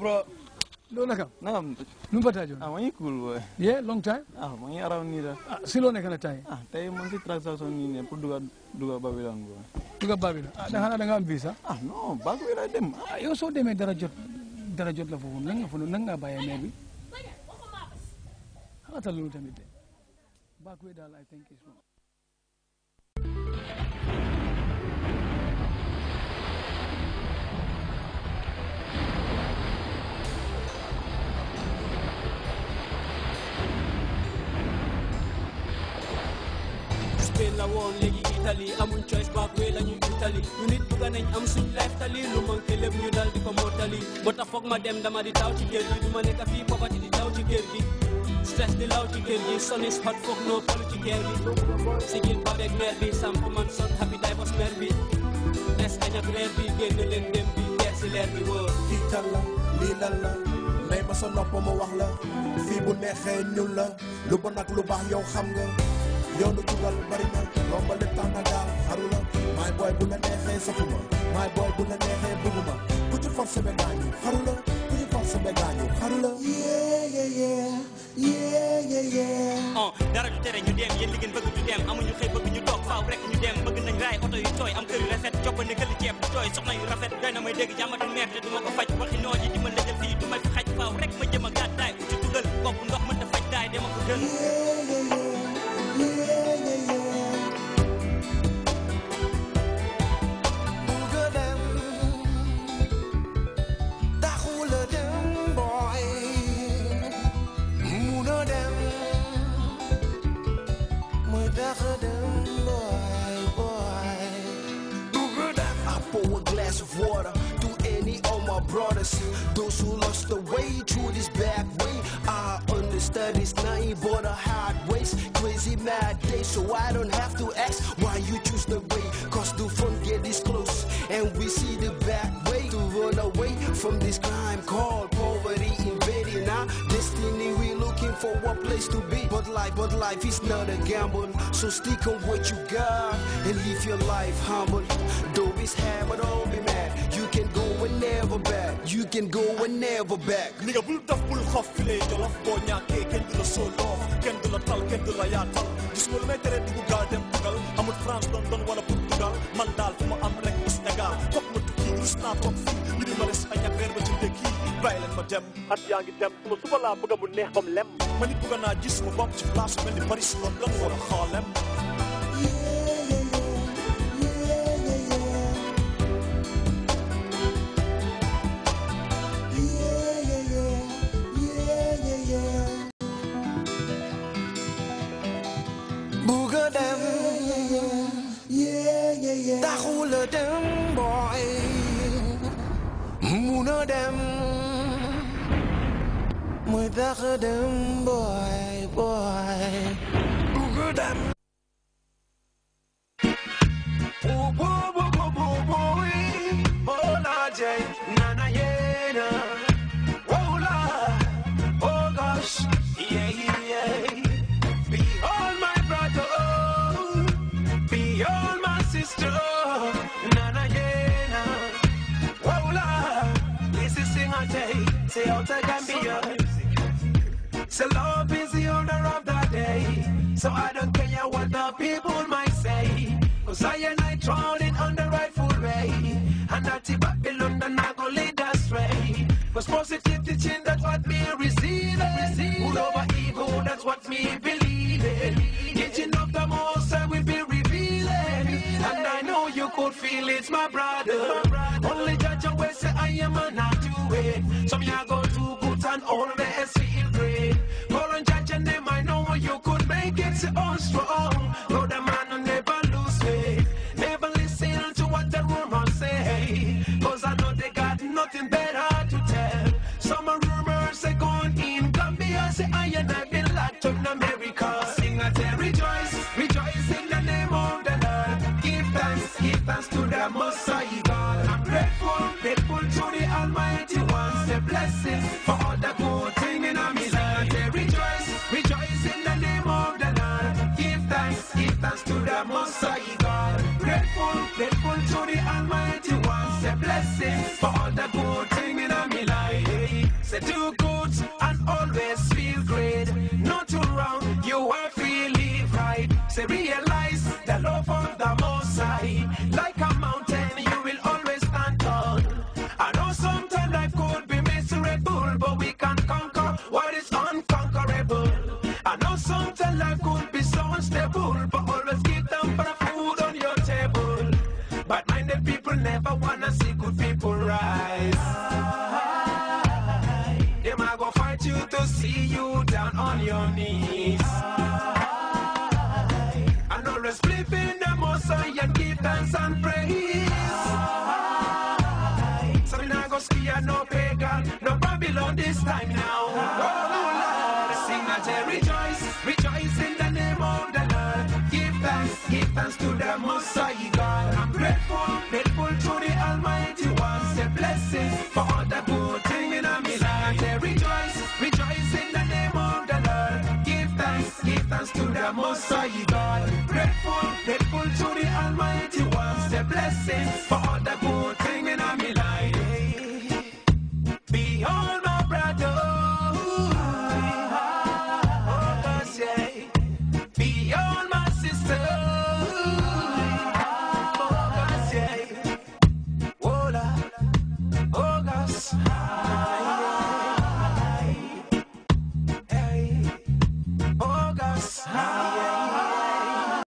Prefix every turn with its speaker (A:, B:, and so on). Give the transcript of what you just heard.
A: bro. Lo nakam? Nakam. Numpa tayo? Ah, mangi cool boy. Yeah, long time? Ah, mangi around nila. Ah, silo na kana tayo? Ah, tayo man si transaction ni ne duga duga Babylon boy. Duga Babylon. Ah, dahana da ngam visa? Ah, no, bago ila dem. Ah, yo so dem dara jot. Dara jot la fofu. Nanga fofu nanga baye me bi. Hata lu tamit. Back way dal I think is wrong. bella won legi Italy amun choice back way lañu Italy ñu nit bëgg nañ am suñ life tali lu man ke lepp ñu dal di ko mortali ba ta fokk ma dem dama di taw ci kër gi duma nekk fi pobati di taw ci kër gi stress di law ci kër gi sun is hot fokk no polu ci kër gi sigil babek mer bi sam ko man son happy day boss mer bi des kañak reer bi génn leen dem bi leer si leer bi wóor kiital la lii la may ma sa nopp ma wax la fii bu neexee ñun la lu bon ak lu baax yow xam nga yoonu dugal bari na rombale tànnaga aru la maay booy bu la neexee safuma maay booy bu la neexee bëgguma ku ci forcé ba gaañu xaru la ku ci forcé ba gaañu xaru la on oh, dara du tere ñu dem yéen li ngeen bëgg ñu dem amuñu xëy bëgg ñu toog faaw rek ñu dem bëgg nañ raay oto yu tooy am kër yu rafet coppane këli ceeb du tooy soxna yu rafet doy na may dégg jàmmatu meer te duma ko faj waxi noo ji di ma lëjal fii du ma fi xaj faaw rek ma jëm a gàddaay u ci daay dama ko brought us. Those who lost the way through this back way. I understand it's nothing but a hard ways. Crazy mad day, so I don't have to ask why you But life, but life is not a gamble. So stick on what you got and live your life humble. Though it's hard, but don't be mad. You can go and never back. You can go and never back. Nigga, pull the pull bul xof filé jolof bo ñaké kenn du la so loof kenn du la tal kenn do the yaatal gis nga lu may tere dugg gaa I'm amul France don't don't wanna. dem at yaa ngi dem suma suba laa bëgg mu neex comme lem ma nit bëgg naa gis ma bopp ci place mel ni Paris London wala Dem boy, muna dem. Mười ta khởi đêm boy boy So love is the order of the day. So I don't care what the people might say. Cause I and I trod it on the rightful way. And that the Babylon that I go lead astray. Cause positive teaching that's what me receiving. Receive. Good over evil, that's what me believe in. Teaching of the most I will be revealing. And I know you could feel it's my brother. Only judge always say I am and I do it. Some ya go to good and all day. us for all. vamos sair in the most high and give thanks and praise. So me nah go ski and no pagan, no Babylon this time now. Oh Lord, sing and rejoice, rejoice in the name of the Lord. Give thanks, give thanks to the most high.